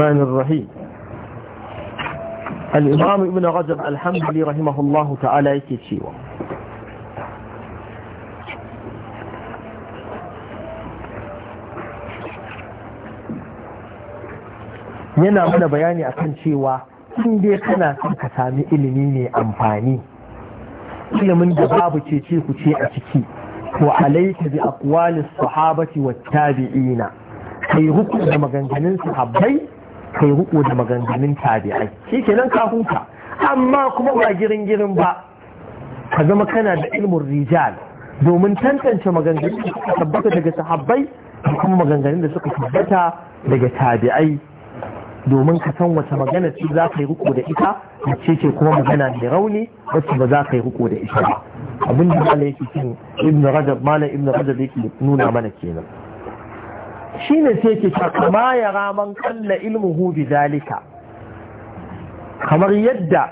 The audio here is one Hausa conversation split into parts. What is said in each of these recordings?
الرحمن الرحيم الإمام ابن رجب الحمد لله رحمه الله تعالى yana mana bayani akan cewa in dai kana son ka sami ilimi ne amfani ilimin da babu cece ku ce a ciki ko alaika bi aqwalis sahabati wat tabi'ina kai hukun da maganganun sahabbai kai ruko da maganganun tabi'ai shi kenan ka huta amma kuma ba girin girin ba ka zama kana da ilmin rijal domin tantance maganganun da suka tabbata daga sahabbai da kuma maganganun da suka tabbata daga tabi'ai domin ka san wace magana ce za ka yi riko da ita da ce kuma magana mai rauni wacce ba za ka yi riko da ita ba abin da malam yake cin ibn rajab malam ibn rajab yake nuna mana kenan shine sai ke ta kama ya raman kalla ilmuhu bi zalika kamar yadda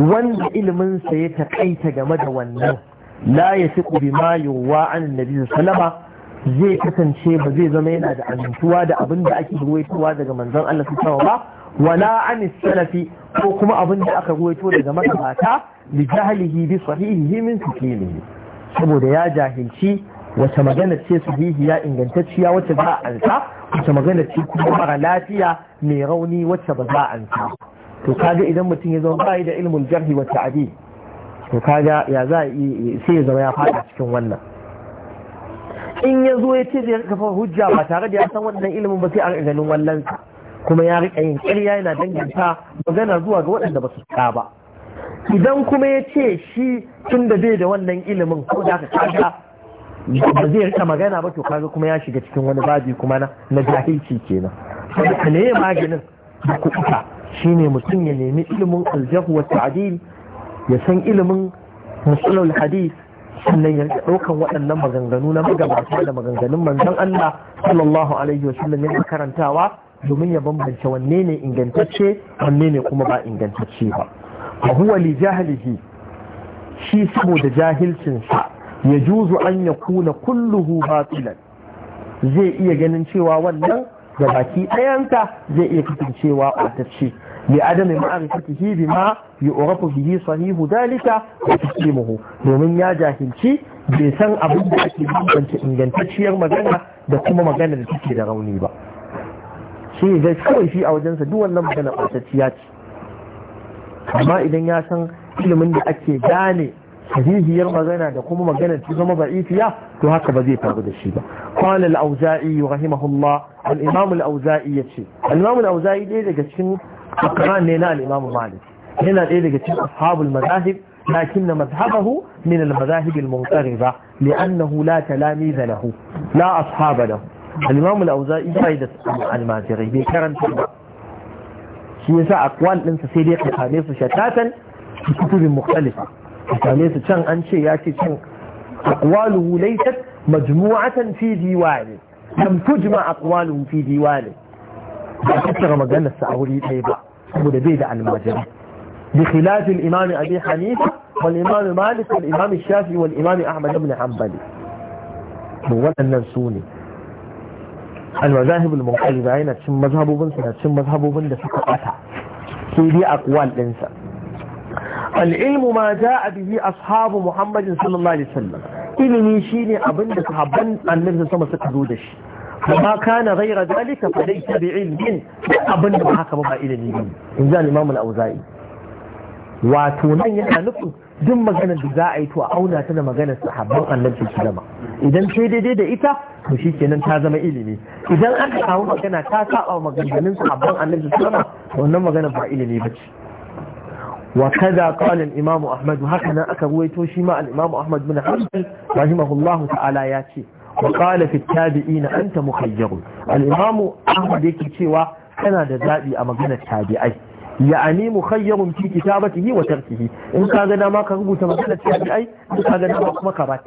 wanda ilminsa ya taƙaita game da wannan la ya fi ƙubi mayowa an nabi salama zai kasance ba zai zama yana da amintuwa da abin da ake ruwaitowa daga manzon Allah sallallahu ba wala an salafi ko kuma abin da aka ruwaito daga magabata bi jahlihi bi sahihihi min tukilihi saboda ya jahilci Wace magana ce sahihiya ingantacciya wacce za a ansa wata magana ce kuma mara lafiya mai rauni wacce ba za a ansa to kaga idan mutum ya zama bai da ilmul jarhi wa ta'dil to kaga ya za sai ya zama ya fada cikin wannan in ya zo ya ce zai kafa hujja ba tare da ya san wannan ilimin ba sai a ganin sa, kuma ya rika yin ƙarya yana danganta magana zuwa ga waɗanda ba su ba idan kuma ya ce shi tun da bai da wannan ilimin ko da ka kaga ba zai rika magana ba to kaga kuma ya shiga cikin wani babi kuma na na jahilci kenan saboda ne maganin da shine mutum ya nemi ilimin aljahu wa ta'dil ya san ilimin musalul hadith sannan ya ɗaukan waɗannan maganganu na magabata da maganganun manzon Allah sallallahu alaihi wasallam ne karantawa domin ya bambance wanne ne ingantacce wanne ne kuma ba ingantacce ba fa huwa li jahlihi shi saboda jahilcin sa ya juzu an ya kuna kulluhu batilan zai iya ganin cewa wannan da baki ɗayanta zai iya kasancewa ɓatacce ma ya ma'arifatihi bima yu'rafu bihi sahihu dalika wa muhu domin ya jahilci bai san abin da ake bambance ingantacciyar magana da kuma magana da take da rauni ba shi ga kawai shi a wajensa duk wannan magana ɓatacciya ce amma idan ya san ilimin da ake gane sahihiyar magana da kuma maganar ta zama ba'ifiya to haka ba zai faru da shi ba qala al-auza'i rahimahullah al-imam al-auza'i yace al-imam al-auza'i dai daga cikin akran ne na al-imam malik yana ɗaya daga cikin ashabul madahib لكن مذهبه من المذاهب المنقرضة لأنه لا تلاميذ له لا أصحاب له الإمام الأوزائي فايدة الماجري بكرن تبع شيء أقوال أنت سيدي قاميص شتاتا في كتب مختلفة Mutane su can an ce ya ce can aqwaluhu laysat majmu'atan fi diwani lam tujma aqwaluhu fi diwani ba tattara maganar sa a wuri ɗaya ba saboda bai da almajiri bi khilaf al-imam abi hanifa wal imam malik wal imam shafi wal imam ahmad ibn hanbali waɗannan su ne al-mazahib al-munqaliba yana cin mazhabobin sa cin mazhabobin da suka ɓata sai dai aqwal ɗinsa al'ilmu ma ja a bihi ashabu muhammadin sallallahu alaihi wasallam ilimi shine abinda da sahabban annabi sama suka zo da shi amma kana ghaira dalika fa laysa bi ilmin abin da haka ba ilimi ne in ji al-imam al-auza'i wato nan yana nufin duk maganar da za a yi to a auna ta da maganar sahabban annabi sallama idan sai daidai da ita to shikenan ta zama ilimi idan aka samu magana ta saba maganganun wannan magana ba ilimi ba وكذا قال الإمام أحمد هكذا أكوي توشيما الإمام أحمد بن حنبل رحمه الله تعالى ياتي وقال في التابعين أنت مخير الإمام أحمد يكتوى كان ذابي أمغنى التابعي يعني مخير في كتابته وتركه إن كان ما كربوت مغنى التابعي إن كان ما كربوت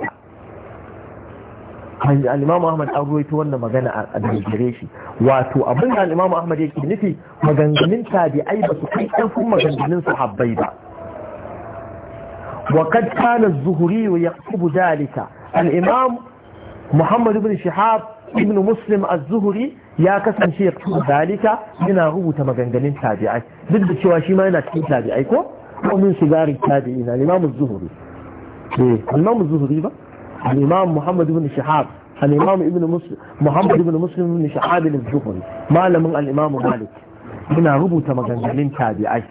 al'imamu ahmad an ruwaito wannan magana a dangare shi wato abin da al'imamu ahmad yake nufi maganganun tabi'ai ba su kai ƙarfin maganganun habbai ba wa kad kana zuhuri ya kubu dalika al'imam muhammad ibn shihab ibn muslim az-zuhuri ya kasance ya kubu dalika yana rubuta maganganun tabi'ai duk da cewa shi ma yana cikin tabi'ai ko ko min shigarin tabi'ina al'imamu zuhuri eh al'imamu zuhuri ba al-imam muhammad shahab al-imam ibn muslim muhammad ibn muslim ibn malamin al-imam malik yana rubuta maganganun tabi'ai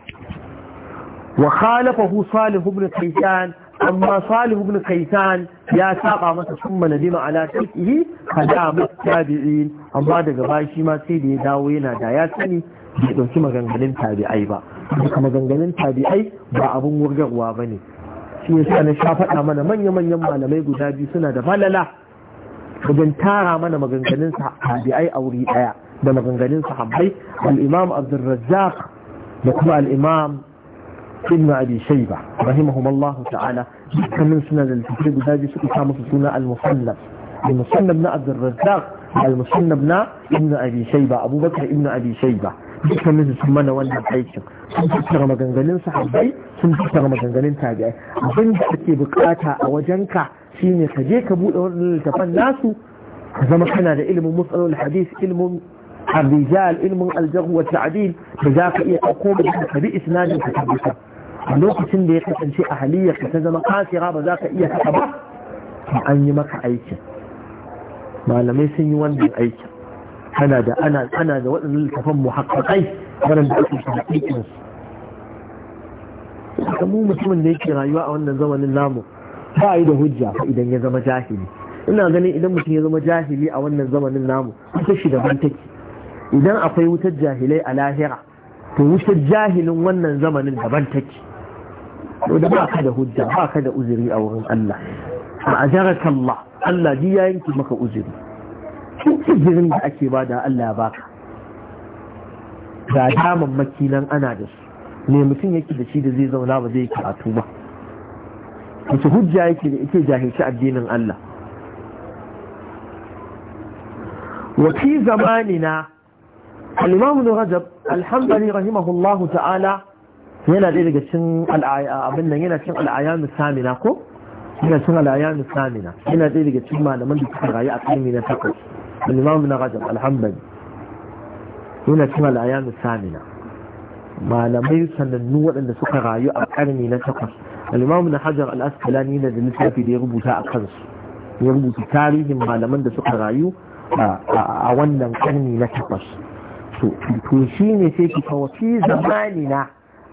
wa khalafahu salih ibn kaysan amma salih ibn kaysan ya saba masa summa nadima ala a kadamu tabi'in amma daga bashi ma sai da ya dawo yana da ya sani bai dauki maganganun tabi'ai ba duka maganganun tabi'ai ba abin wurgarwa bane shi yasa na sha faɗa mana manya-manyan malamai guda biyu suna da falala wajen tara mana maganganun sahabbai a wuri ɗaya da maganganun sahabbai al-imam abdurrazzaq da kuma Al'imam imam ibn abi shayba rahimahumullahu ta'ala dukkanin suna da littattafai guda biyu suka sa musu suna al-musannaf al-musannaf na abdurrazzaq al-musannaf na ibn abi shayba abubakar ibn abi shayba dukkanin su sun mana wannan aikin sun tattara maganganun sahabbai sun tattara maganganun tabi'ai abin da kake bukata a wajenka shine ka je ka buɗe wannan littafan nasu ka zama kana da ilimin musalul hadis ilimin الرجال علم الجغ والتعديل فذاك إيه أقوم بحسبي إسناد كتابك lokacin da ya kasance a haliyarka ta zama kasira ba za ka iya haka ba an yi maka aikin malamai sun yi wannan aiki. ana da ana ana da waɗannan littafan muhaqqaqai waɗanda ake tahqiqin su kamu mutumin da yake rayuwa a wannan zamanin namu ba yi da hujja idan ya zama jahili ina ganin idan mutum ya zama jahili a wannan zamanin namu wuta shi daban take idan akwai wutar jahilai a lahira to wutar jahilin wannan zamanin daban take to da ba ka da hujja ba ka da uzuri a wurin Allah a ajaraka Allah Allah ji ya yanki maka uzuri izinin da ake ba da Allah ba ga daman makinan ana da su ne mutum yake da shi da zai zauna ba zai karatu ba wace hujja yake da ita jahilci addinin Allah wa zamanina al da rajab al rahimahullahu ta'ala yana ɗaya daga cin abin nan yana cin al'ayanu samina ko yana cin al'ayanu samina yana ɗaya daga cin malaman da suka rayu a ƙarni na takwas الإمام بن رجب الحمد هنا كما الأيام الثامنة ما لم يسن النور أن سكر يؤب أرمي نسقص الإمام بن حجر الأسكلاني إلى ذلك في ديربو ساء قرص ديربو تاريه ما لم أن سكر أولا أرمي نسقص توشيني سيكي فوفي زماننا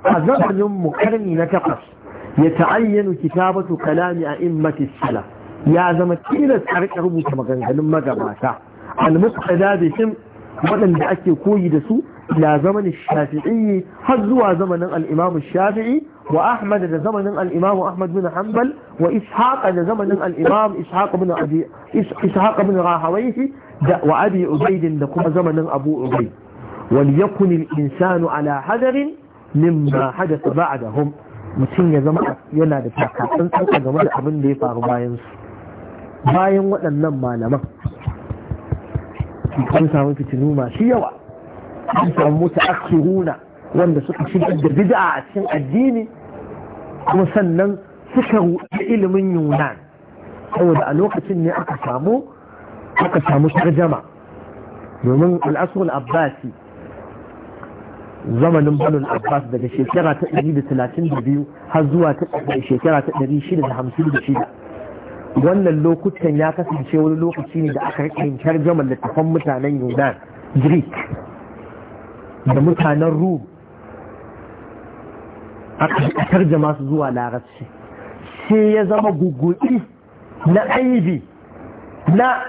أزغل مكرمي نتقص يتعين كتابة كلام أئمة السلام يا زمكينة أريك أربو كما قلنا لما قبعتها al-muqtada bihim waɗanda ake koyi da su ila zamanin shafi'i har zuwa zamanin al-imam shafi'i wa ahmad da zamanin al-imam ahmad bin hanbal wa ishaq da zamanin al-imam ishaq bin abi ishaq bin rahawayhi da wa abi ubayd da kuma zamanin abu ubayd wal yakun al-insanu ala hadarin mimma hadatha ba'dahum mutum ya zama yana da takatsantsan game da abin da ya faru bayan su bayan waɗannan malaman an samu fitinu masu yawa an samu akiruna wanda suka shigar da bid'a a cikin addini kuma sannan suka ruɗe ilimin yunan saboda a lokacin ne aka samu aka samu tarjama domin al'asul abbasi zamanin banul abbas daga shekara ta 132 har zuwa shekara ta 656 wannan lokutan ya kasance wani lokaci ne da aka rikin da littafan mutanen yunan greek da mutanen rum aka tarjama su zuwa larabci sai ya zama guguɗi na aibi na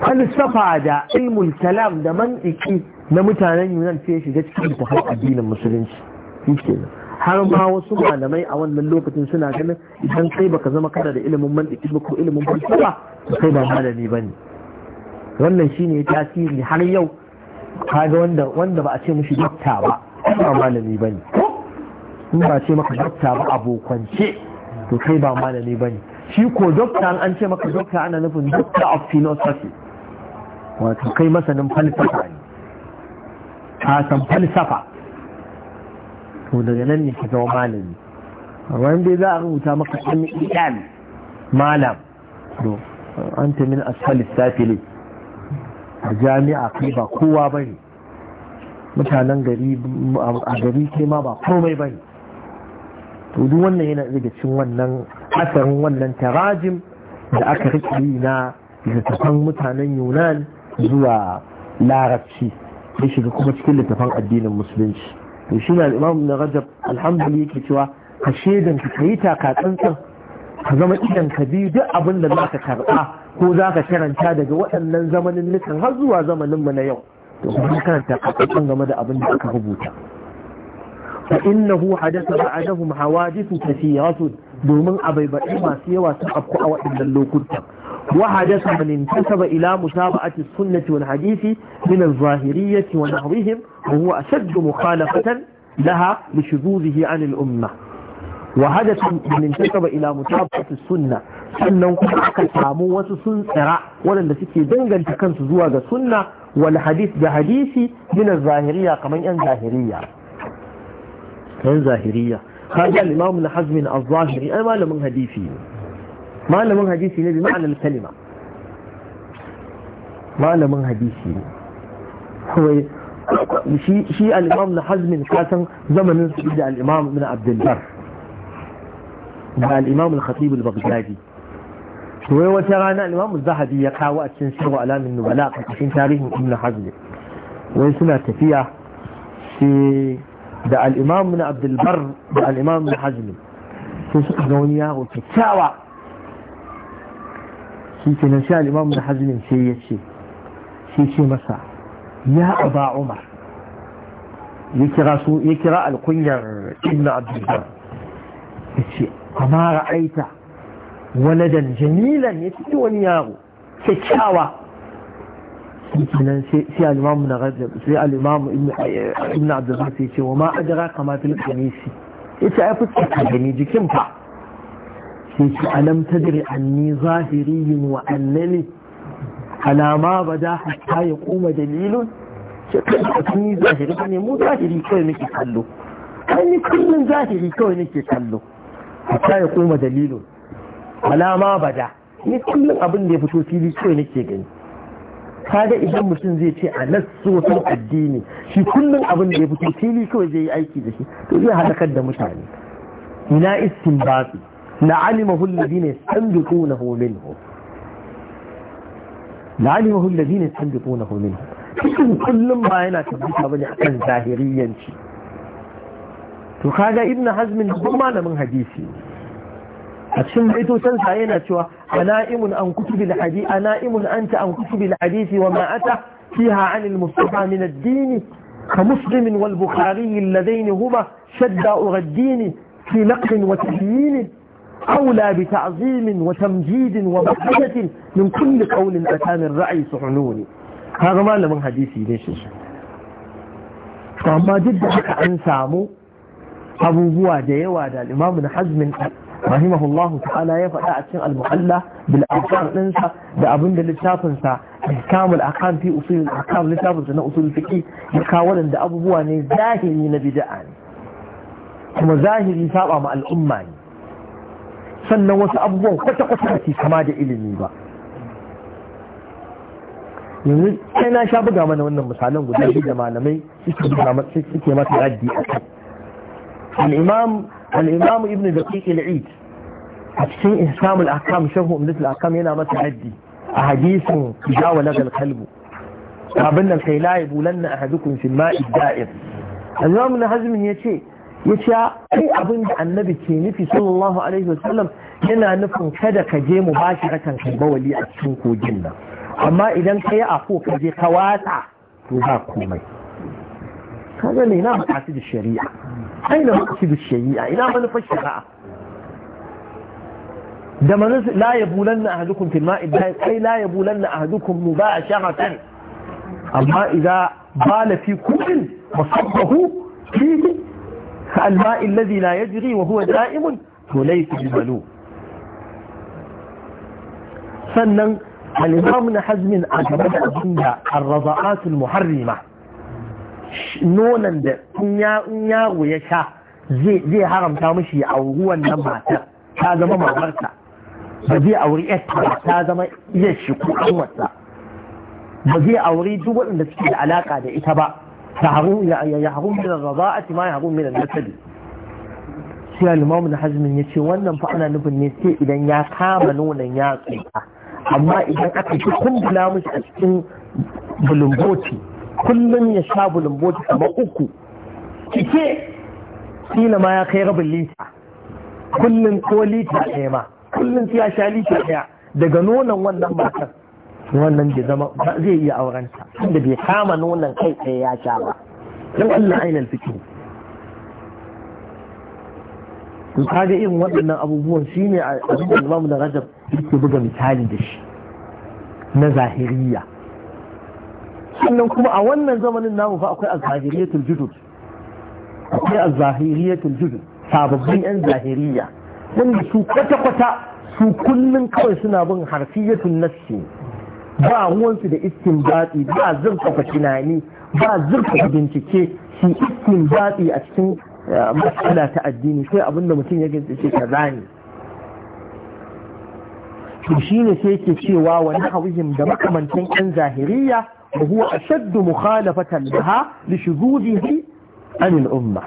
falsafa da ilmul kalam da man'iki na mutanen yunan sai shiga cikin littafan addinin musulunci har ma wasu malamai a wannan lokacin suna ganin idan kai baka zama kada da ilimin mantiki ba ko ilimin falsafa kai ba malami bane wannan shine tasiri har yau kaga wanda wanda ba a ce mushi dokta ba ba malami bane in ba ce maka dokta ba abokance to kai ba malami bane shi ko dokta an ce maka dokta ana nufin doctor of philosophy wato kai masanin falsafa ne ka san falsafa to daga nan ne ka zama malami amma dai za a rubuta maka ɗan idan malam to an ta min asfalis a jami'a kai ba kowa ba ne mutanen gari a gari kai ma ba komai ba ne to duk wannan yana daga cikin wannan asarin wannan tarajim da aka rike yi na littattafan mutanen yunan zuwa larabci ya shiga kuma cikin littafan addinin musulunci to shi na imam na rajab alhamdulillah yake cewa ka shaidan ka yi taka tsantsan ka zama idan ka biyu duk abin da za ka karɓa ko za ka karanta daga waɗannan zamanin nukan har zuwa zamanin mu na yau to kuma karanta ka tsantsan game da abin da aka rubuta fa innahu hadatha ba'dahum hawadithu kathiratun domin abai baɗi masu yawa sun afku a waɗannan lokutan وحدث من انتسب إلى متابعة السنة والحديث من الظاهرية ونحوهم وهو أشد مخالفة لها لشذوذه عن الأمة وحدث من انتسب إلى متابعة السنة sannan kuma aka samu wasu sun tsira waɗanda suke danganta kansu zuwa ga sunna wal hadis da hadisi min zahiriya kamar yan zahiriya yan zahiriya kaga al-imam zahiri ai malamin hadisi ما لم هديسي نبي معنى الكلمة ما لم هديسي هو شيء شيء الإمام لحزم كاتن زمن بدأ الإمام من عبد البر مع الإمام الخطيب البغدادي هو وترى أن الإمام الذهبي يقع وقت سنسير وألام النبلاء في تاريخ ابن حزم ويسمع تفيع شيء دع الإمام من عبد البر دع الإمام من في سقف دونيا وكتاوى shi ke nan sha al'imamu na hazmin sai ya ce shi ce masa ya aba umar ya kira alkunyar ibn abdullah ya ce amma ra'aita waladan jamilan ya ce wani yaro kyakkyawa shi ke nan sai al'imamu na rajab sai al'imamu ibn abdullah sai ce wa ma ajira kama fil kamisi ya ce ai fuskar gani jikin ka. sai ce alam tadri anni zahiriyin wa annani ala ma bada hatta ya koma dalilun ce kai ka sun yi zahiri ne mu zahiri kawai nake kallo kan ni kullun zahiri kawai nake kallo hatta ya koma dalilun ala ma bada ni kullun abin da ya fito fili kawai nake gani ga idan mutum zai ce a nasu wasan addini shi kullum abin da ya fito fili kawai zai yi aiki da shi to zai halakar da mutane ina istin basu لعلمه الذين يستنبطونه منه. لعلمه الذين يستنبطونه منه. كل ما هنا تبديك بالحسن ظاهريا شيء وكذا ابن حزم هم أنا من حديثي أتشم بيتو تنسى هنا شوى أنائم أن كتب الحديث أنائم أنت أن كتب الحديث وما أتى فيها عن المصطفى من الدين كمسلم والبخاري اللذين هما شداء الدين في نقل وتحيين أولى بتعظيم وتمجيد ومحجة من كل قول أتى من رأي سحنوني هذا ما لمن حديثي ليش فما جد حكا أن سامو أبو بوا جيوا دا الإمام بن حزم رحمه الله تعالى يفعل أتشن المحلة بالأفكار ننسى دا أبن دا لتافنسى إحكام الأحكام في أصول الأحكام لتافنسى نا أصول الفكي يقاولا دا أبو بوا ني ظاهري نبدأني kuma zahiri saba ma al'umma ne sannan wasu abubuwan kwata-kwata ba ke kama da ilimi ba yanzu sai na sha buga mana wannan misalan guda biyu da malamai suke masa raddi a kai al-imam al-imam ibn daqiq al-eid a cikin ihsam al-ahkam sharh umdat al-ahkam yana masa raddi a hadisin jawa lagal kalbu abin nan kai la yabulanna ahadukum fi ma'i da'ir al-imam ibn hazm yace ya sha ai abin da annabi ke nufi sallallahu alaihi wasallam yana nufin kada ka je mu ba shi rakan kai bawali a cikin kogin nan amma idan ka yi afo ka je ka watsa to ba komai kaga ne na buƙatu da shari'a ai na buƙatu da shari'a ina manufar shari'a da manus la yabulanna ahadukum fil ma'i kai la yabulanna ahadukum mubashiratan amma idza bala fi kullin musabbahu fihi كالماء الذي لا يجري وهو دائم فليس بملو سنن الإمام ابن حزم أجمد أجمد الرضاءات المحرمة nonon da in yaro ya sha zai haramta mashi a ruwan nan matar ta zama mamarsa ba zai auri yarta ta zama iya shi ko wasa ba zai auri duk waɗanda suke da alaka da ita ba يحرم من الرضاعة ما يحرم من النسب sai alimamu na hajjimin ya ce wannan fa ana nufin ne sai idan ya kama nonon ya tsinka amma idan aka ci kumbula mishi a cikin bulumboti kullum ya sha bulumboti kamar uku cike kila ma ya kai rabin lita kullum ko lita ɗaya ma kullum sai ya sha lita ɗaya daga nonon wannan matar wannan bai zama ba zai iya auren sa tunda bai kama nonon kai tsaye ya sha ba dan Allah ainal fiki to kaga irin waɗannan abubuwan shine abin da Imam da Rajab yake buga misali da shi na zahiriya sannan kuma a wannan zamanin namu fa akwai azahiriyatul judud akwai azahiriyatul judud sababbin yan zahiriya wanda su kwata-kwata su kullum kawai suna bin harfiyatul nassi ba wansu da iskin istinbati ba zurfafa tunani ba zurfafa bincike shi istinbati a cikin eh, matsala ta addini sai abinda mutum ya gintace kaza ne to shi ne sai yake cewa wani hawihim da makamantan yan zahiriya wa huwa ashaddu mukhalafatan laha li shuzudihi an al-umma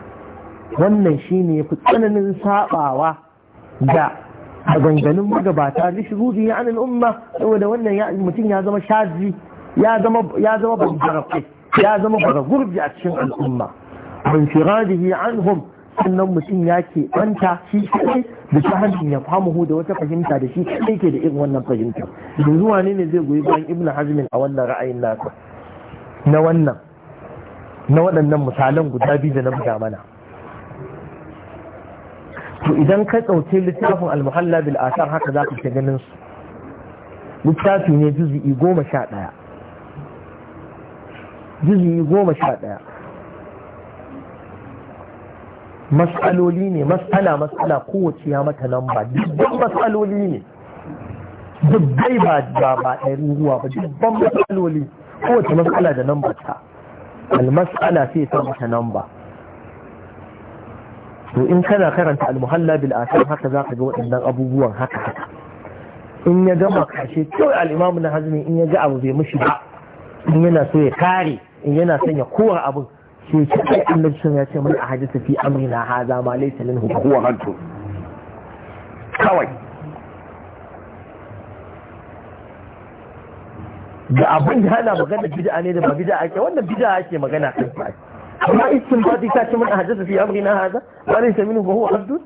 wannan shine fi tsananin sabawa da A ganganin magabata lishruzi ya anan umma saboda wannan mutum ya zama shazi ya zama ya zama bara ya zama a cikin al'umma an firadihi anhum sannan mutum ya ke banta shi kai da ta hannun ya famuhu da wata fahimta da shi kai ke da irin wannan fahimta yanzu wane ne zai goyi bayan ibnu hazmin a wannan ra'ayin nasa na wannan na waɗannan misalan guda biyu da na buga mana to idan ka ɗauke littafin almuhalla bil asar haka za ka ta ganin su littafi ne juzi'i goma sha ɗaya juzi'i goma sha ɗaya mas'aloli ne mas'ala mas'ala kowace ya mata nan ba dubban mas'aloli ne dubbai ba ba ba ɗari ruwa ba dubban mas'aloli kowace mas'ala da nan ba ta almasala sai ta mata nan ba to in kana karanta al-muhalla bil asar haka zaka ga waɗannan abubuwan haka haka in ya gama kashe kyau al-imam na hazmi in ya ga abu bai mishi ba in yana so ya kare in yana son ya kowa abin sai ce ai annabi sun ya ce mana ahadithu fi amrina hadha ma laysa minhu huwa hantu kawai da abin da hana magana bid'a ne da ba bid'a ake wannan bid'a ake magana kan shi ما اسم بادي كاش من أحدث في أمرنا هذا وليس منه وهو عبد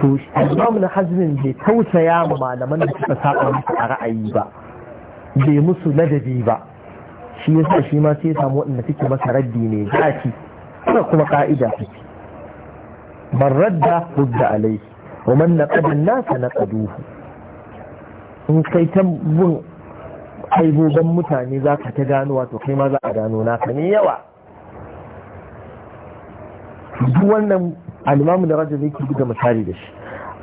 توش أمامنا حزم جي توش يا ماما لمن تتساق ومسع رأي با جي مصر لدبي با شي يسع شي ما سيسع مؤن نتيك مسع رديني جاكي نقوم قائدة من رد رد عليه ومن نقد الناس نقدوه إن كي تم aibogon mutane za ka ta gano wato kai ma za a gano naka ne yawa duk wannan alimamu da rajin yake buga misali da shi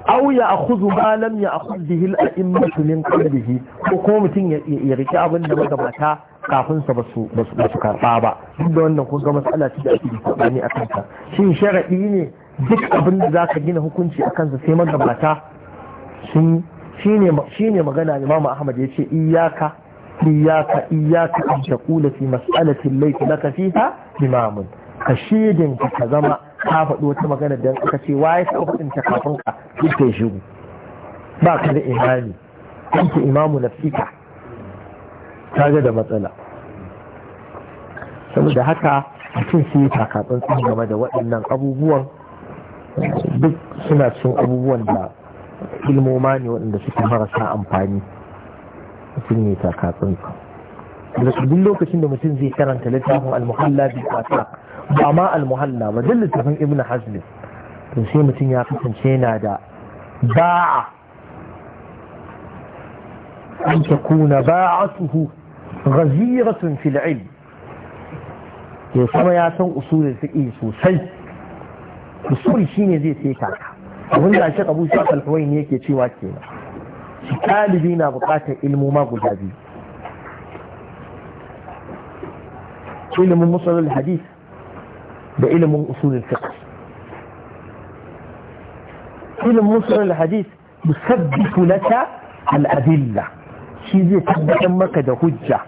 au ya kuzu ba lam ya kuzu bihil a in mutumin qablihi ko kuma mutum ya rike abin da magabata kafin sa basu su ba duk da wannan kun ga matsala ce da ake akan kanta shin sharaɗi ne duk abin da ka gina hukunci akan sa sai magabata sun Shi ne magana Imam Ahmad ya ce iyaka. iyaka iyaka in jakula fi mas'alatin laifi laka fiha imamun ka shedin ka ka zama ka faɗo wata magana da aka ce waye ka fadin ta kafin ka yake shigo ba ka da imani kanki imamu nafsika kaga da matsala saboda haka mutum sai ya taka tsantsan game da waɗannan abubuwan duk suna cin abubuwan da ilmoma ne waɗanda suke marasa amfani mutum ne duk lokacin da mutum zai karanta littafin al-muhalla bi ba ma al-muhalla ba duk littafin ibnu hazm to sai mutum ya kasance yana da ba'a an takuna ba'atuhu ghaziratun fil ilm ya kuma ya san sosai usul shine zai sai kaka abin da shi Abu Sa'd al-Huwaini yake cewa kenan ɗalibi na buƙatar ilmuma guda biyu ilimin musulun hadis da ilimin usulun fiqh ilimin musulun hadis musabbitu laka al'adilla shi zai tabbatar maka da hujja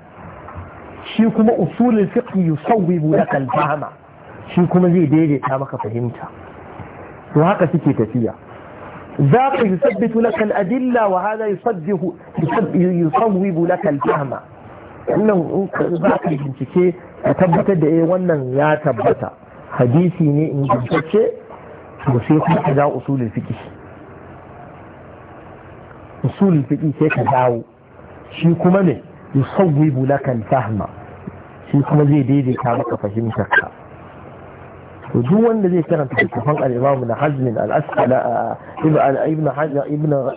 shi kuma usulun fiqh yusawwibu laka al-fahma shi kuma zai daidaita maka fahimta to haka suke tafiya ذاك يثبت لك الأدلة وهذا يصدق يصوب لك الفهم wannan za ka bincike a tabbatar da wannan ya tabbata hadisi ne in bincike to sai kuma ka dawo usulul fiqh usulul fiqh sai ka dawo shi kuma ne yusawwibu laka al-fahma shi kuma zai daidaita maka fahimtarka to duk wanda zai karanta littafin al Ibn al-Asqala Ibn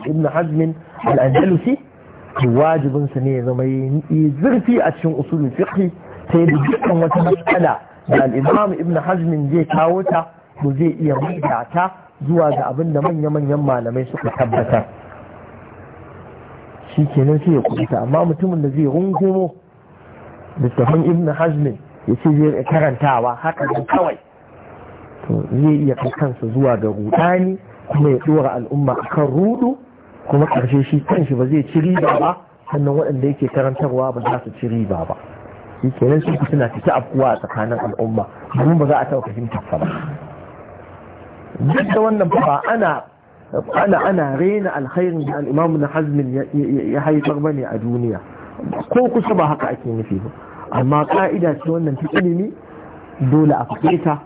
Ibn al-Andalusi wajibin sa ne ya zama yi zurfi a cikin usulul fiqh ta da dukkan wata matsala da al-Imam Ibn hazmin zai kawo ta to zai iya maida ta zuwa ga abin da manya-manyan malamai suka tabbatar shi kenan sai ya kubuta amma mutumin da zai rungumo littafin ibn hazmin ya ce zai karantawa haka kawai Za zai iya kai kansa zuwa ga rudani kuma ya dora al'umma akan rudu kuma karshe shi kanshi ba zai ci riba ba sannan waɗanda yake karantarwa ba za su ci riba ba shi kenan su suna fita afkuwa a tsakanin al'umma domin ba za a taɓa fahimtar ba duk da wannan ba ana ana ana rena alkhairin da al'imamu na hazmin ya haifar ba ne a duniya ko kusa ba haka ake nufi ba amma ka'ida ce wannan ta ilimi dole a faɗe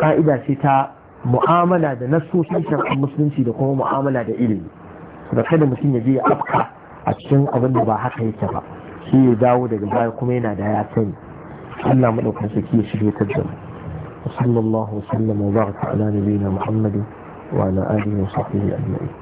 ka'ida ce ta mu'amala da nasoshin shari'ar musulunci da kuma mu'amala da ilimi da kada mutum ya je ya afka a cikin abin da ba haka yake ba shi ya dawo daga baya kuma yana da ya sani Allah dauka saki ya shirye ta da sallallahu alaihi wa sallam wa baraka ala nabiyina muhammadin wa ala alihi wa sahbihi ajma'in